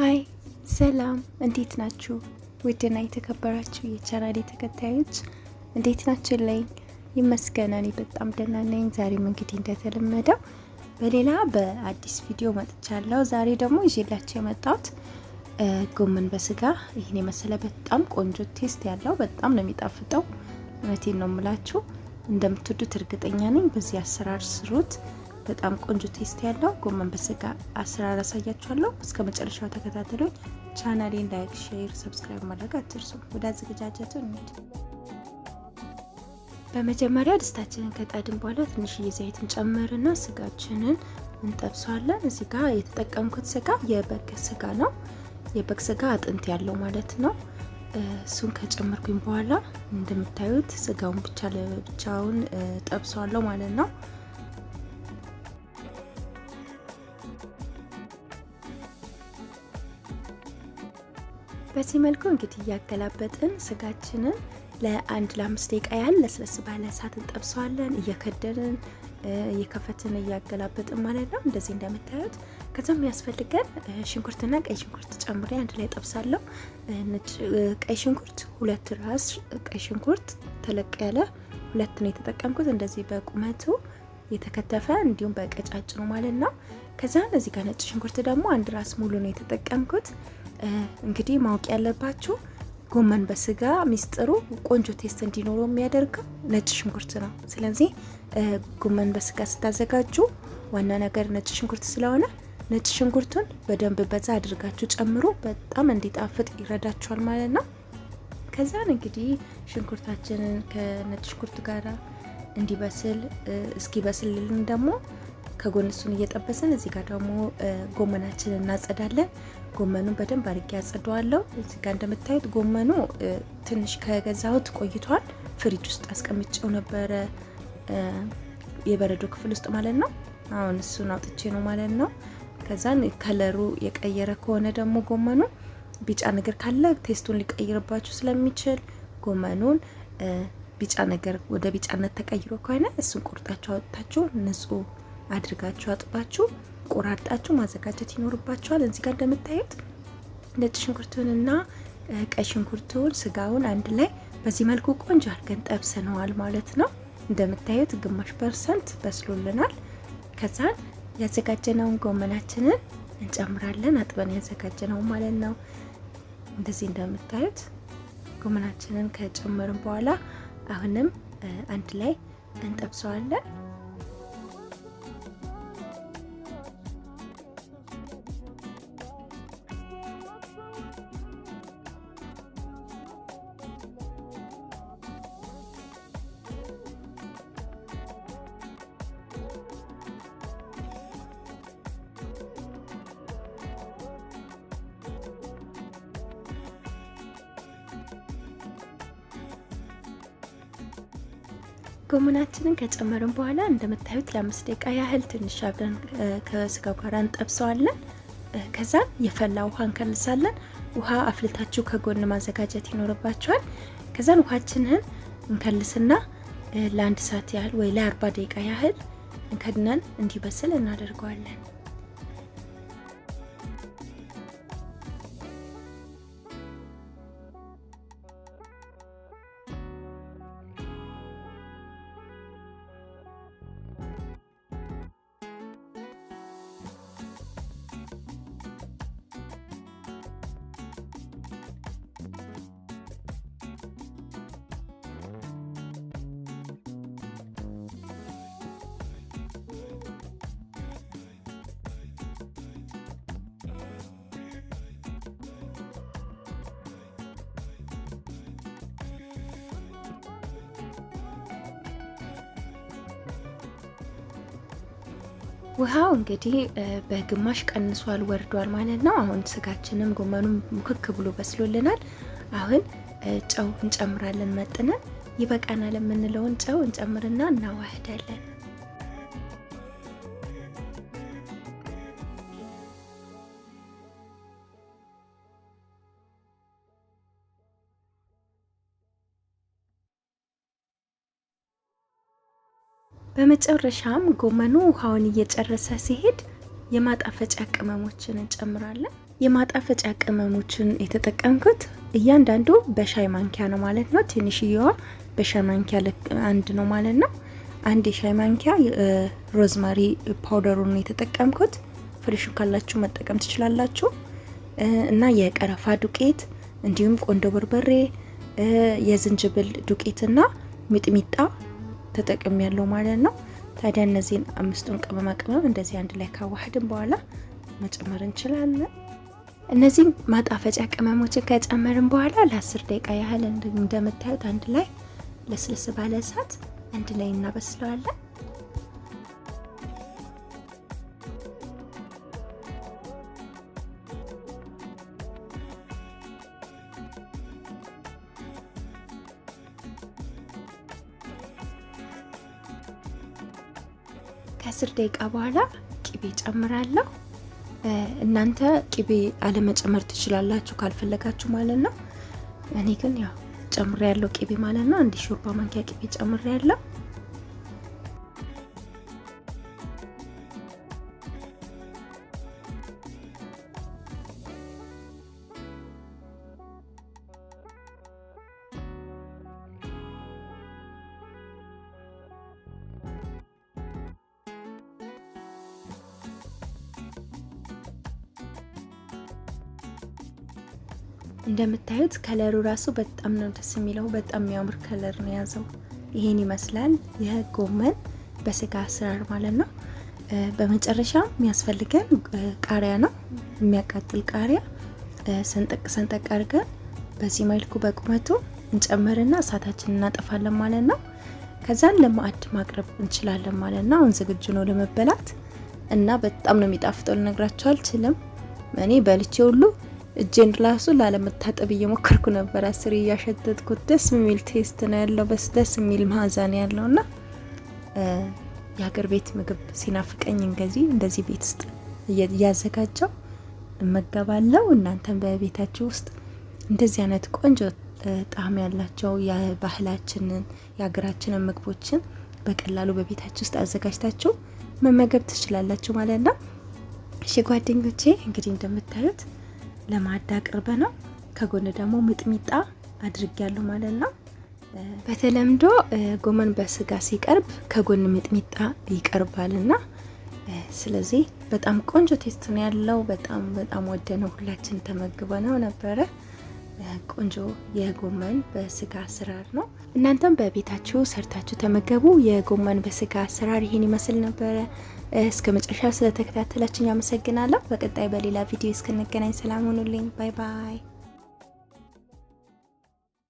ሀይ ሰላም፣ እንዴት ናችሁ? ውድና የተከበራችሁ የቻናሌ ተከታዮች እንዴት ናችሁ? ላይ ይመስገን፣ እኔ በጣም ደህና ነኝ። ዛሬም እንግዲህ እንደተለመደው በሌላ በአዲስ ቪዲዮ መጥቻለሁ። ዛሬ ደግሞ ይዤላችሁ የመጣሁት ጎመን በስጋ ይህን የመሰለ በጣም ቆንጆ ቴስት ያለው በጣም ነው የሚጣፍጠው። እውነቴን ነው የምላችሁ እንደምትወዱት እርግጠኛ ነኝ። በዚህ አሰራር ስሩት። በጣም ቆንጆ ቴስት ያለው ጎመን በስጋ አሰራር አሳያችኋለሁ። እስከ መጨረሻው ተከታተሉኝ። ቻናሌን ላይክ፣ ሼር፣ ሰብስክራይብ ማድረግ አትርሱ። ወደ አዘገጃጀቱ እንሂድ። በመጀመሪያ ድስታችንን ከጣድን በኋላ ትንሽዬ ዘይትን ጨምርና ስጋችንን እንጠብሰዋለን። እዚህ ጋ የተጠቀምኩት ስጋ የበግ ስጋ ነው። የበግ ስጋ አጥንት ያለው ማለት ነው። እሱን ከጨመርኩኝ በኋላ እንደምታዩት ስጋውን ብቻ ለብቻውን ጠብሰዋለሁ ማለት ነው። በዚህ መልኩ እንግዲህ እያገላበጥን ስጋችንን ለአንድ ለአምስት ደቂቃ ያህል ለስለስ ባለ እሳት እንጠብሰዋለን። እየከደንን እየከፈትን እያገላበጥን ማለት ነው። እንደዚህ እንደምታዩት ከዛም የሚያስፈልገን ሽንኩርትና ቀይ ሽንኩርት ጨምሬ አንድ ላይ ጠብሳለሁ። ቀይ ሽንኩርት ሁለት ራስ ቀይ ሽንኩርት ተለቅ ያለ ሁለት ነው የተጠቀምኩት። እንደዚህ በቁመቱ የተከተፈ እንዲሁም በቀጫጭኑ ማለት ነው። ከዛ እዚህ ጋር ነጭ ሽንኩርት ደግሞ አንድ ራስ ሙሉ ነው የተጠቀምኩት። እንግዲህ ማወቅ ያለባችሁ ጎመን በስጋ ሚስጥሩ ቆንጆ ቴስት እንዲኖረው የሚያደርገው ነጭ ሽንኩርት ነው። ስለዚህ ጎመን በስጋ ስታዘጋጁ ዋና ነገር ነጭ ሽንኩርት ስለሆነ ነጭ ሽንኩርቱን በደንብ በዛ አድርጋችሁ ጨምሮ በጣም እንዲጣፍጥ ይረዳችኋል ማለት ነው። ከዛን እንግዲህ ሽንኩርታችንን ከነጭ ሽንኩርት ጋር እንዲበስል እስኪበስልልን ደግሞ ከጎን እሱን እየጠበስን እዚህ ጋር ደግሞ ጎመናችንን እናጸዳለን። ጎመኑን በደንብ አድርጌ አጸደዋለሁ። እዚህ ጋር እንደምታዩት ጎመኑ ትንሽ ከገዛሁት ቆይቷል። ፍሪጅ ውስጥ አስቀምጨው ነበረ፣ የበረዶ ክፍል ውስጥ ማለት ነው። አሁን እሱን አውጥቼ ነው ማለት ነው። ከዛን ከለሩ የቀየረ ከሆነ ደግሞ ጎመኑ ቢጫ ነገር ካለ ቴስቱን ሊቀይርባችሁ ስለሚችል ጎመኑን ቢጫ ነገር ወደ ቢጫነት ተቀይሮ ከሆነ እሱን ቆርጣችሁ አውጥታችሁ ንጹህ አድርጋችሁ አጥባችሁ ቆራርጣችሁ ማዘጋጀት ይኖርባችኋል። እዚህ ጋር እንደምታዩት ነጭ ሽንኩርቱንና ቀይ ሽንኩርቱን ስጋውን አንድ ላይ በዚህ መልኩ ቆንጆ አድርገን ጠብሰነዋል ማለት ነው። እንደምታዩት ግማሽ ፐርሰንት በስሎልናል። ከዛን ያዘጋጀነውን ጎመናችንን እንጨምራለን። አጥበን ያዘጋጀነው ማለት ነው። እንደዚህ እንደምታዩት ጎመናችንን ከጨመርን በኋላ አሁንም አንድ ላይ እንጠብሰዋለን። ጎመናችንን ከጨመርን በኋላ እንደምታዩት ለአምስት ደቂቃ ያህል ትንሽ አብረን ከስጋው ጋር እንጠብሰዋለን። ከዛ የፈላ ውሃ እንከልሳለን። ውሃ አፍልታችሁ ከጎን ማዘጋጀት ይኖርባችኋል። ከዛን ውሃችንን እንከልስና ለአንድ ሰዓት ያህል ወይ ለአርባ ደቂቃ ያህል እንከድነን እንዲበስል እናደርገዋለን። ውሃው እንግዲህ በግማሽ ቀንሷል፣ ወርዷል ማለት ነው። አሁን ስጋችንም ጎመኑም ሙክክ ብሎ በስሎልናል። አሁን ጨው እንጨምራለን። መጥነን ይበቃናል የምንለውን ጨው እንጨምርና እናዋህዳለን። በመጨረሻም ጎመኑ ውሃውን እየጨረሰ ሲሄድ የማጣፈጫ ቅመሞችን እንጨምራለን። የማጣፈጫ ቅመሞችን የተጠቀምኩት እያንዳንዱ በሻይ ማንኪያ ነው ማለት ነው። ትንሽየዋ በሻይ ማንኪያ አንድ ነው ማለት ነው። አንድ የሻይ ማንኪያ ሮዝማሪ ፓውደሩን የተጠቀምኩት፣ ፍሬሹን ካላችሁ መጠቀም ትችላላችሁ። እና የቀረፋ ዱቄት እንዲሁም ቆንዶ በርበሬ፣ የዝንጅብል ዱቄትና ሚጥሚጣ ተጠቅም ያለው ማለት ነው። ታዲያ እነዚህን አምስቱን ቅመማ ቅመም እንደዚህ አንድ ላይ ካዋህድን በኋላ መጨመር እንችላለን። እነዚህ ማጣፈጫ ቅመሞችን ከጨመርን በኋላ ለአስር ደቂቃ ያህል እንደምታዩት አንድ ላይ ለስለስ ባለ እሳት አንድ ላይ እናበስለዋለን። ከአስር ደቂቃ በኋላ ቅቤ ጨምራለሁ። እናንተ ቅቤ አለመጨመር ትችላላችሁ ካልፈለጋችሁ ማለት ነው። እኔ ግን ያው ጨምሬ ያለው ቅቤ ማለት ነው። አንድ ሾርባ ማንኪያ ቅቤ ጨምሬ ያለው እንደምታዩት ከለሩ ራሱ በጣም ነው ደስ የሚለው። በጣም የሚያምር ከለር ነው የያዘው። ይሄን ይመስላል የጎመን በስጋ አሰራር ማለት ነው። በመጨረሻ የሚያስፈልገን ቃሪያ ነው። የሚያቃጥል ቃሪያ ሰንጠቅ ሰንጠቅ አድርገን በዚህ መልኩ በቁመቱ እንጨምርና እሳታችን እናጠፋለን ማለት ነው። ከዛን ለማዕድ ማቅረብ እንችላለን ማለት ነው። አሁን ዝግጁ ነው ለመበላት እና በጣም ነው የሚጣፍጠው። ልነግራቸው አልችልም። እኔ በልቼ ሁሉ እጄን ራሱ ላለመታጠብ እየሞከርኩ ነበር። አስር እያሸተትኩት ደስ የሚል ቴስት ነው ያለው፣ በስ ደስ የሚል መዓዛ ያለው ና የሀገር ቤት ምግብ ሲናፍቀኝ እንገዚህ እንደዚህ ቤት ውስጥ እያዘጋጀው እመገባለው። እናንተም በቤታችሁ ውስጥ እንደዚህ አይነት ቆንጆ ጣዕም ያላቸው የባህላችንን የሀገራችንን ምግቦችን በቀላሉ በቤታችሁ ውስጥ አዘጋጅታችሁ መመገብ ትችላላችሁ ማለት ነው። እሺ ጓደኞቼ እንግዲህ እንደምታዩት ለማዳ አቅርበ ነው። ከጎን ደግሞ ሚጥሚጣ አድርጊያለሁ ማለት ነው። በተለምዶ ጎመን በስጋ ሲቀርብ ከጎን ሚጥሚጣ ይቀርባልና ስለዚህ በጣም ቆንጆ ቴስት ነው ያለው። በጣም በጣም ወደ ነው ሁላችን ተመግበ ነው ነበረ። ቆንጆ የጎመን በስጋ አሰራር ነው። እናንተም በቤታችሁ ሰርታችሁ ተመገቡ። የጎመን በስጋ አሰራር ይሄን ይመስል ነበረ። እስከ መጨረሻ ስለተከታተላችሁኝ አመሰግናለሁ። በቀጣይ በሌላ ቪዲዮ እስክንገናኝ ሰላም ሆኑልኝ። ባይ ባይ።